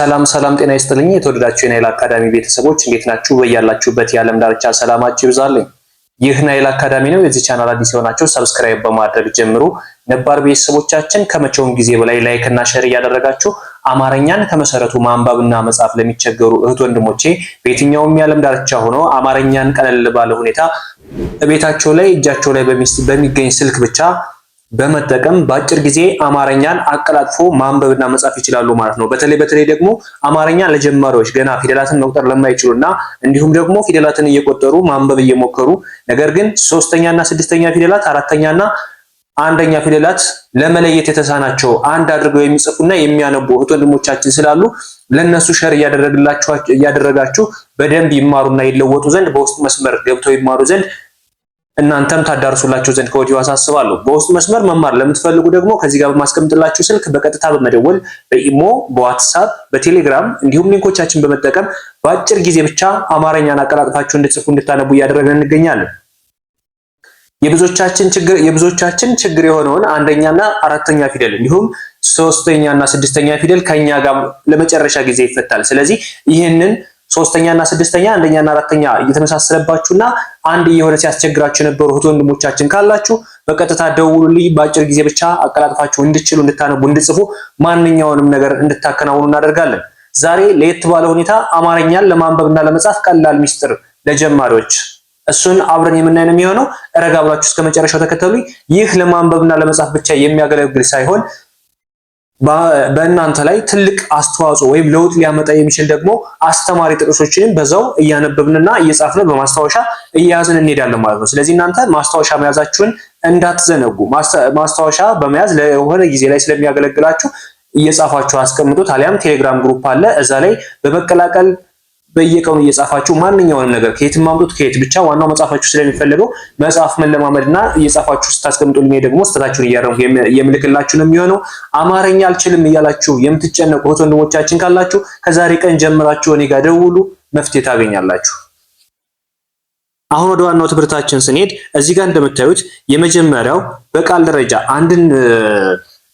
ሰላም ሰላም፣ ጤና ይስጥልኝ የተወደዳችሁ የናይል አካዳሚ ቤተሰቦች እንዴት ናችሁ? በያላችሁበት የዓለም ዳርቻ ሰላማችሁ ይብዛልኝ። ይህ ናይል አካዳሚ ነው። የዚህ ቻናል አዲስ የሆናችሁ ሰብስክራይብ በማድረግ ጀምሩ። ነባር ቤተሰቦቻችን ከመቼውም ጊዜ በላይ ላይክ እና ሼር እያደረጋችሁ አማርኛን ከመሰረቱ ማንበብና መጻፍ ለሚቸገሩ እህት ወንድሞቼ በየትኛውም የዓለም ዳርቻ ሆኖ አማርኛን ቀለል ባለ ሁኔታ ቤታቸው ላይ እጃቸው ላይ በሚገኝ ስልክ ብቻ በመጠቀም በአጭር ጊዜ አማርኛን አቀላጥፎ ማንበብና መጻፍ ይችላሉ ማለት ነው። በተለይ በተለይ ደግሞ አማርኛ ለጀማሪዎች ገና ፊደላትን መቁጠር ለማይችሉ እና እንዲሁም ደግሞ ፊደላትን እየቆጠሩ ማንበብ እየሞከሩ ነገር ግን ሶስተኛና ስድስተኛ ፊደላት አራተኛና አንደኛ ፊደላት ለመለየት የተሳናቸው አንድ አድርገው የሚጽፉና የሚያነቡ እህት ወንድሞቻችን ስላሉ ለእነሱ ሸር እያደረጋችሁ በደንብ ይማሩና ይለወጡ ዘንድ በውስጥ መስመር ገብተው ይማሩ ዘንድ እናንተም ታዳርሱላቸው ዘንድ ከወዲሁ አሳስባለሁ። በውስጥ መስመር መማር ለምትፈልጉ ደግሞ ከዚህ ጋር በማስቀምጥላችሁ ስልክ በቀጥታ በመደወል በኢሞ፣ በዋትሳፕ፣ በቴሌግራም እንዲሁም ሊንኮቻችን በመጠቀም በአጭር ጊዜ ብቻ አማርኛን አቀላጥፋችሁ እንድትጽፉ እንድታነቡ እያደረግን እንገኛለን። የብዙዎቻችን ችግር የብዙዎቻችን ችግር የሆነውን አንደኛና አራተኛ ፊደል እንዲሁም ሶስተኛና ስድስተኛ ፊደል ከኛ ጋር ለመጨረሻ ጊዜ ይፈታል። ስለዚህ ይህንን ሶስተኛ እና ስድስተኛ፣ አንደኛ እና አራተኛ እየተመሳሰለባችሁና አንድ እየሆነ ሲያስቸግራችሁ የነበሩ እህት ወንድሞቻችን ካላችሁ በቀጥታ ደውሉልኝ። በአጭር ጊዜ ብቻ አቀላጥፋችሁ እንድችሉ፣ እንድታነቡ፣ እንድጽፉ፣ ማንኛውንም ነገር እንድታከናውኑ እናደርጋለን። ዛሬ ለየት ባለ ሁኔታ አማርኛን ለማንበብና ለመጻፍ ቀላል ሚስጥር ለጀማሪዎች እሱን አብረን የምናይ ነው የሚሆነው። ረጋ ብላችሁ እስከ መጨረሻው ተከተሉኝ። ይህ ለማንበብና ለመጻፍ ብቻ የሚያገለግል ሳይሆን በእናንተ ላይ ትልቅ አስተዋጽኦ ወይም ለውጥ ሊያመጣ የሚችል ደግሞ አስተማሪ ጥቅሶችንም በዛው እያነበብንና እየጻፍን በማስታወሻ እያያዝን እንሄዳለን ማለት ነው። ስለዚህ እናንተ ማስታወሻ መያዛችሁን እንዳትዘነጉ። ማስታወሻ በመያዝ ለሆነ ጊዜ ላይ ስለሚያገለግላችሁ እየጻፋችሁ አስቀምጡት። አሊያም ቴሌግራም ግሩፕ አለ፣ እዛ ላይ በመቀላቀል በየቀኑ እየጻፋችሁ ማንኛውንም ነገር ከየት ማምጡት ከየት ብቻ ዋናው መጻፋችሁ ስለሚፈልገው መጽሐፍ መለማመድና እየጻፋችሁ ስታስቀምጡልኝ ደግሞ ስህተታችሁን እያረምኩ የምልክላችሁ ነው የሚሆነው። አማርኛ አልችልም እያላችሁ የምትጨነቁ እህት ወንድሞቻችን ካላችሁ ከዛሬ ቀን ጀምራችሁ እኔ ጋር ደውሉ፣ መፍትሄ ታገኛላችሁ። አሁን ወደ ዋናው ትምህርታችን ስንሄድ እዚህ ጋር እንደምታዩት የመጀመሪያው በቃል ደረጃ አንድን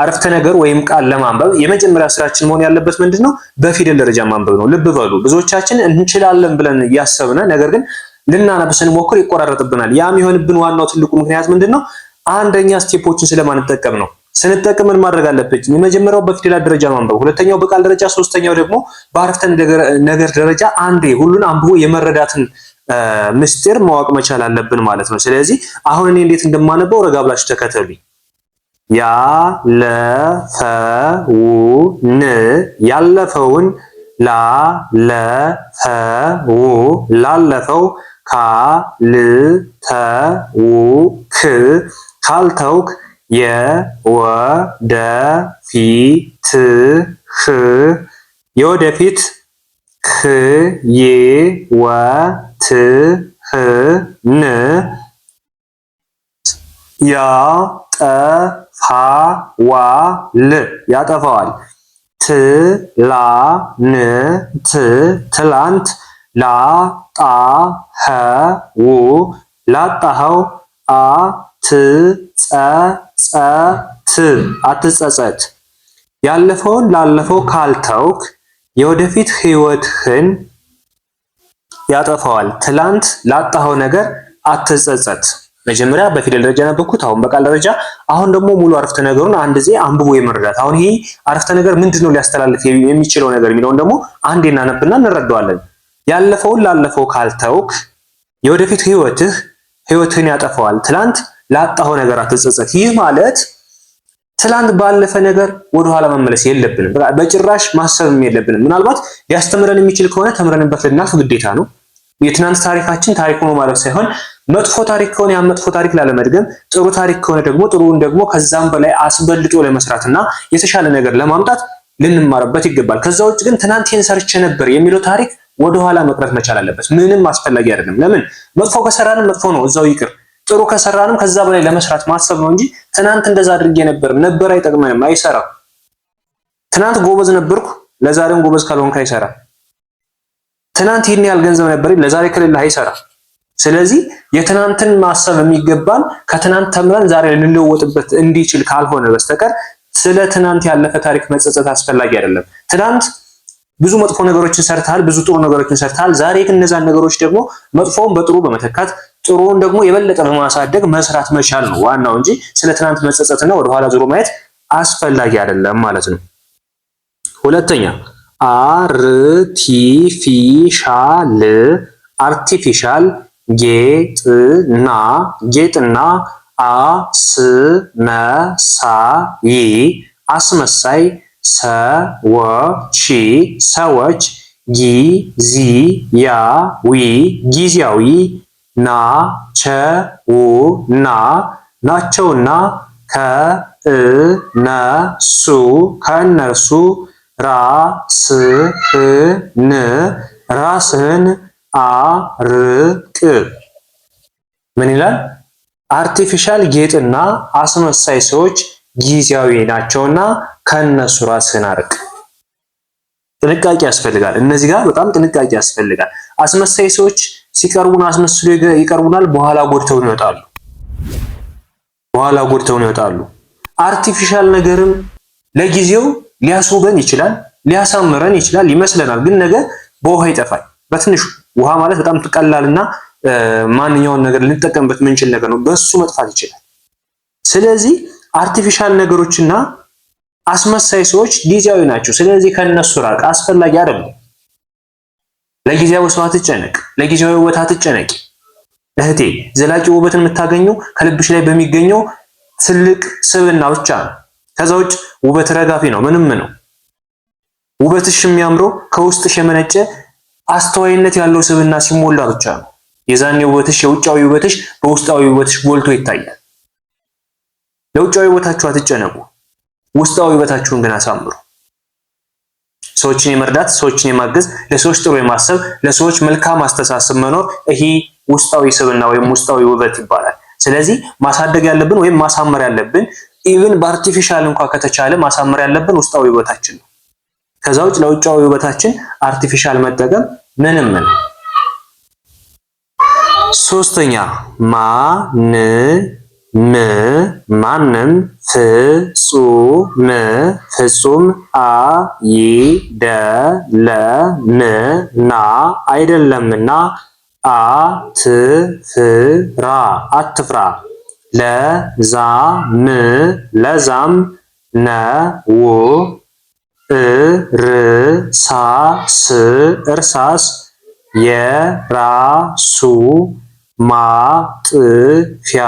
አረፍተ ነገር ወይም ቃል ለማንበብ የመጀመሪያ ስራችን መሆን ያለበት ምንድን ነው? በፊደል ደረጃ ማንበብ ነው። ልብ በሉ ብዙዎቻችን እንችላለን ብለን እያሰብነ ነገር ግን ልናነብ ስንሞክር ይቆራረጥብናል። ያም የሆንብን ዋናው ትልቁ ምክንያት ምንድን ነው? አንደኛ ስቴፖችን ስለማንጠቀም ነው። ስንጠቀም ምን ማድረግ አለበት? የመጀመሪያው በፊደላት ደረጃ ማንበብ፣ ሁለተኛው በቃል ደረጃ፣ ሶስተኛው ደግሞ በአረፍተ ነገር ደረጃ አንዴ ሁሉን አንብቦ የመረዳትን ምስጢር ማወቅ መቻል አለብን ማለት ነው። ስለዚህ አሁን እኔ እንዴት እንደማነበው ረጋ ብላችሁ ተከተሉኝ። ያለፈውን ያለፈውን ላለፈው ላለፈው ካልተውክ ካልተውክ የወደፊትህ የወደፊት ህይወትህን ያጠ ሀዋል ያጠፋዋል ትላንት ትላንት ላጣኸው ላጣኸው አትጸጸት አትጸጸት። ያለፈውን ላለፈው ካልተውክ የወደፊት ህይወትህን ያጠፈዋል። ትላንት ላጣኸው ነገር አትጸጸት። መጀመሪያ በፊደል ደረጃ ነበርኩት፣ አሁን በቃል ደረጃ። አሁን ደግሞ ሙሉ አረፍተ ነገሩን አንድ ዜ አንብቦ የመረዳት አሁን ይሄ አረፍተ ነገር ምንድነው ሊያስተላልፍ የሚችለው ነገር የሚለውን ደግሞ አንዴ እናነብና እንረዳዋለን። ያለፈውን ላለፈው ካልተውክ የወደፊት ህይወትህ ህይወትህን ያጠፋዋል። ትላንት ላጣኸው ነገር አትጸጸት። ይህ ማለት ትላንት ባለፈ ነገር ወደኋላ መመለስ የለብንም፣ በጭራሽ ማሰብም የለብንም። ምናልባት ሊያስተምረን የሚችል ከሆነ ተምረንበት ልናልፍ ግዴታ ነው። የትናንት ታሪካችን ታሪክ ነው ማለት ሳይሆን መጥፎ ታሪክ ከሆነ ያ መጥፎ ታሪክ ላለመድገም፣ ጥሩ ታሪክ ከሆነ ደግሞ ጥሩውን ደግሞ ከዛም በላይ አስበልጦ ለመስራትና የተሻለ ነገር ለማምጣት ልንማርበት ይገባል። ከዛ ውጭ ግን ትናንት ይሄን ሰርቼ ነበር የሚለው ታሪክ ወደኋላ መቅረት መቻል አለበት። ምንም አስፈላጊ አይደለም። ለምን መጥፎ ከሰራንም መጥፎ ነው እዛው ይቅር። ጥሩ ከሰራንም ከዛ በላይ ለመስራት ማሰብ ነው እንጂ ትናንት እንደዛ አድርጌ ነበር ነበር አይጠቅመንም፣ አይሰራም። ትናንት ጎበዝ ነበርኩ ለዛሬም ጎበዝ ካልሆንክ አይሰራም። ትናንት ይህን ያህል ገንዘብ ነበር፣ ለዛሬ ከሌለ አይሰራም። ስለዚህ የትናንትን ማሰብ የሚገባን ከትናንት ተምረን ዛሬ ልንለወጥበት እንዲችል ካልሆነ በስተቀር ስለ ትናንት ያለፈ ታሪክ መጸጸት አስፈላጊ አይደለም። ትናንት ብዙ መጥፎ ነገሮችን ሰርተሃል፣ ብዙ ጥሩ ነገሮችን ሰርተሃል። ዛሬ ግን እነዛን ነገሮች ደግሞ መጥፎውን በጥሩ በመተካት ጥሩውን ደግሞ የበለጠ በማሳደግ መስራት መቻል ነው ዋናው እንጂ ስለ ትናንት መጸጸትና ወደኋላ ዞሮ ማየት አስፈላጊ አይደለም ማለት ነው። ሁለተኛ አርቲፊሻል አርቲፊሻል ጌጥና ጌጥና አስመሳይ አስመሳይ ሰዎች ሰዎች ጊዜያዊ ጊዜያዊ ናቸውና ናቸውና ከእነሱ ከእነሱ ራስህን ራስህን አርቅ። ምን ይላል? አርቲፊሻል ጌጥና አስመሳይ ሰዎች ጊዜያዊ ናቸውና ከነሱ ራስህን አርቅ። ጥንቃቄ ያስፈልጋል። እነዚህ ጋር በጣም ጥንቃቄ ያስፈልጋል። አስመሳይ ሰዎች ሲቀርቡን አስመስሎ ይቀርቡናል፣ በኋላ ጎድተውን ይወጣሉ። በኋላ ጎድተውን ይወጣሉ። አርቲፊሻል ነገርም ለጊዜው ሊያስውበን ይችላል፣ ሊያሳምረን ይችላል ይመስለናል። ግን ነገ በውሃ ይጠፋል። በትንሹ ውሃ ማለት በጣም ቀላልና ማንኛውን ነገር ልንጠቀምበት ምንችል ነገር ነው። በሱ መጥፋት ይችላል። ስለዚህ አርቲፊሻል ነገሮችና አስመሳይ ሰዎች ጊዜያዊ ናቸው። ስለዚህ ከነሱ ራቅ፣ አስፈላጊ አይደለም። ለጊዜያዊ ሰው አትጨነቅ፣ ለጊዜያዊ ውበት አትጨነቂ እህቴ። ዘላቂ ውበትን የምታገኘው ከልብሽ ላይ በሚገኘው ትልቅ ስብና ብቻ ነው። ከዛ ውጭ ውበት ረጋፊ ነው፣ ምንም ነው። ውበትሽ የሚያምረው ከውስጥሽ የመነጨ አስተዋይነት ያለው ስብና ሲሞላ ብቻ ነው። የዛን ውበትሽ የውጫዊ ውበትሽ በውስጣዊ ውበትሽ ጎልቶ ይታያል። ለውጫዊ ውበታችሁ አትጨነቁ፣ ውስጣዊ ውበታችሁን ግን አሳምሩ። ሰዎችን የመርዳት ሰዎችን የማገዝ ለሰዎች ጥሩ የማሰብ ለሰዎች መልካም አስተሳሰብ መኖር ይሄ ውስጣዊ ስብና ወይም ውስጣዊ ውበት ይባላል። ስለዚህ ማሳደግ ያለብን ወይም ማሳመር ያለብን ኢቭን በአርቲፊሻል እንኳ ከተቻለ ማሳመር ያለብን ውስጣዊ ውበታችን ነው። ከዛ ውጭ ለውጫዊ ውበታችን አርቲፊሻል መጠቀም ምንም ነው። ሶስተኛ ማን ም ማንም ፍጹም ፍጹም አይደለምና አይደለምና አትፍራ አትፍራ ለዛም ለዛም ነው እርሳስ እርሳስ የራሱ ማጥፊያ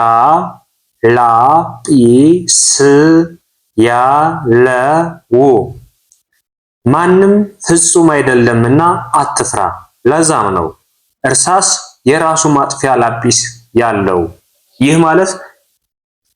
ላጲስ ያለው ማንም ፍጹም አይደለምና አትፍራ። ለዛም ነው እርሳስ የራሱ ማጥፊያ ላጲስ ያለው። ይህ ማለት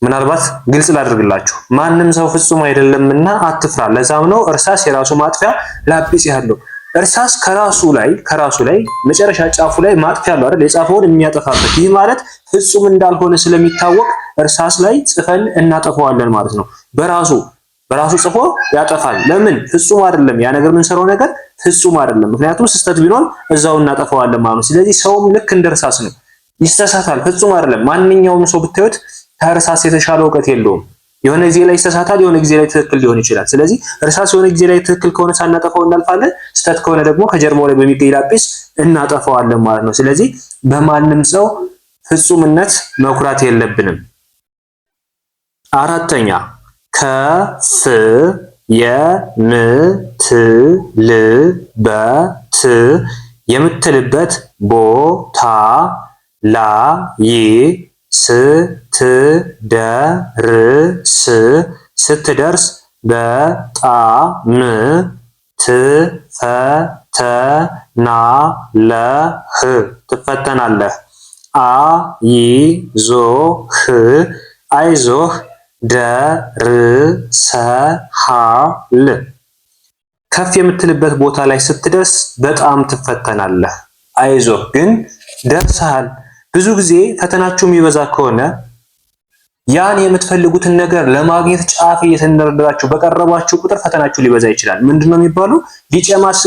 ምናልባት ግልጽ ላድርግላችሁ፣ ማንም ሰው ፍጹም አይደለምና አትፍራ። ለዛም ነው እርሳስ የራሱ ማጥፊያ ላጲስ ያለው። እርሳስ ከራሱ ላይ ከራሱ ላይ መጨረሻ ጫፉ ላይ ማጥፊያ አለው አይደል? የጻፈውን የሚያጠፋበት። ይህ ማለት ፍጹም እንዳልሆነ ስለሚታወቅ እርሳስ ላይ ጽፈን እናጠፈዋለን ማለት ነው። በራሱ በራሱ ጽፎ ያጠፋል። ለምን? ፍጹም አይደለም። ያ ነገር የምንሰራው ነገር ፍጹም አይደለም። ምክንያቱም ስህተት ቢኖር እዛው እናጠፈዋለን ማለት ነው። ስለዚህ ሰውም ልክ እንደ እርሳስ ነው፣ ይሳሳታል፣ ፍጹም አይደለም። ማንኛውም ሰው ብታዩት ከእርሳስ የተሻለ እውቀት የለውም። የሆነ ጊዜ ላይ ይሳሳታል፣ የሆነ ጊዜ ላይ ትክክል ሊሆን ይችላል። ስለዚህ እርሳስ የሆነ ጊዜ ላይ ትክክል ከሆነ ሳናጠፋው እናልፋለን፣ ስህተት ከሆነ ደግሞ ከጀርባው ላይ በሚገኝ ላጲስ እናጠፋዋለን ማለት ነው። ስለዚህ በማንም ሰው ፍጹምነት መኩራት የለብንም። አራተኛ ከፍ የምትልበት የምትልበት ቦታ ላይ ስትደርስ ስትደርስ በጣም ትፈተናለህ ትፈተናለህ። አይዞህ አይዞህ ደርሰሃል። ከፍ የምትልበት ቦታ ላይ ስትደርስ በጣም ትፈተናለህ። አይዞህ ግን ደርሰሃል። ብዙ ጊዜ ፈተናችሁ የሚበዛ ከሆነ ያን የምትፈልጉትን ነገር ለማግኘት ጫፍ እየተንደረደራችሁ በቀረባችሁ ቁጥር ፈተናችሁ ሊበዛ ይችላል። ምንድነው የሚባሉ? ሊጨማስ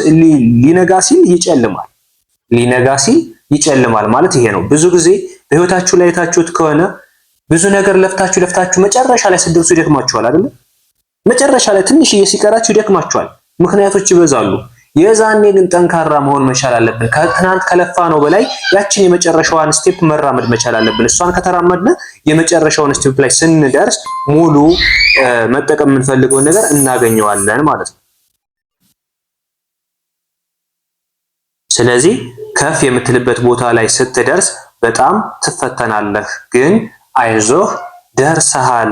ሊነጋ ሲል ይጨልማል። ሊነጋ ሲል ይጨልማል ማለት ይሄ ነው። ብዙ ጊዜ በህይወታችሁ ላይ የታችሁት ከሆነ ብዙ ነገር ለፍታችሁ ለፍታችሁ መጨረሻ ላይ ስትደርሱ ይደክማችኋል አይደል? መጨረሻ ላይ ትንሽዬ እየሲቀራችሁ ይደክማችኋል። ምክንያቶች ይበዛሉ። የዛኔ ግን ጠንካራ መሆን መቻል አለብን። ከትናንት ከለፋ ነው በላይ ያችን የመጨረሻዋን ስቴፕ መራመድ መቻል አለብን። እሷን ከተራመድን የመጨረሻውን ስቴፕ ላይ ስንደርስ ሙሉ መጠቀም የምንፈልገውን ነገር እናገኘዋለን ማለት ነው። ስለዚህ ከፍ የምትልበት ቦታ ላይ ስትደርስ በጣም ትፈተናለህ፣ ግን አይዞህ ደርሰሃል።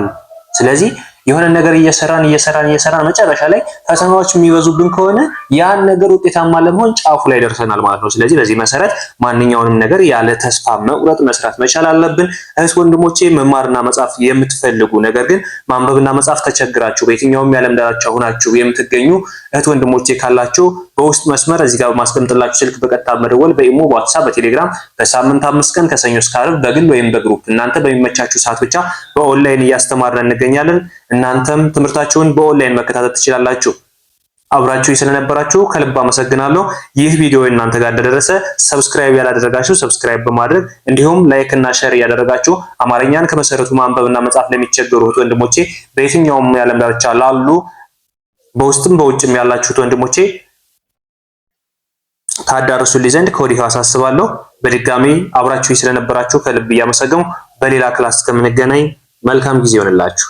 ስለዚህ የሆነ ነገር እየሰራን እየሰራን እየሰራን መጨረሻ ላይ ፈተናዎች የሚበዙብን ከሆነ ያን ነገር ውጤታማ ለመሆን ጫፉ ላይ ደርሰናል ማለት ነው። ስለዚህ በዚህ መሰረት ማንኛውንም ነገር ያለ ተስፋ መቁረጥ መስራት መቻል አለብን። እህት ወንድሞቼ፣ መማርና መጻፍ የምትፈልጉ ነገር ግን ማንበብና መጻፍ ተቸግራችሁ በየትኛውም የዓለም ዳርቻ ሆናችሁ የምትገኙ እህት ወንድሞቼ ካላችሁ በውስጥ መስመር እዚህ ጋር በማስቀምጥላችሁ ስልክ በቀጥታ መደወል፣ በኢሞ፣ በዋትሳፕ፣ በቴሌግራም በሳምንት አምስት ቀን ከሰኞ እስከ ዓርብ በግል ወይም በግሩፕ እናንተ በሚመቻችሁ ሰዓት ብቻ በኦንላይን እያስተማርን እንገኛለን። እናንተም ትምህርታችሁን በኦንላይን መከታተል ትችላላችሁ። አብራችሁ ስለነበራችሁ ከልብ አመሰግናለሁ። ይህ ቪዲዮ እናንተ ጋር እንደደረሰ ሰብስክራይብ ያላደረጋችሁ ሰብስክራይብ በማድረግ እንዲሁም ላይክ እና ሼር እያደረጋችሁ አማርኛን ከመሰረቱ ማንበብና መጻፍ ለሚቸገሩ እህት ወንድሞቼ በየትኛውም የዓለም ዳርቻ ላሉ በውስጥም በውጭም ያላችሁት ወንድሞቼ ታዳርሱልኝ ዘንድ ከወዲሁ አሳስባለሁ። በድጋሚ አብራችሁ ስለነበራችሁ ከልብ እያመሰገንኩ በሌላ ክላስ እስከምንገናኝ መልካም ጊዜ ይሆንላችሁ።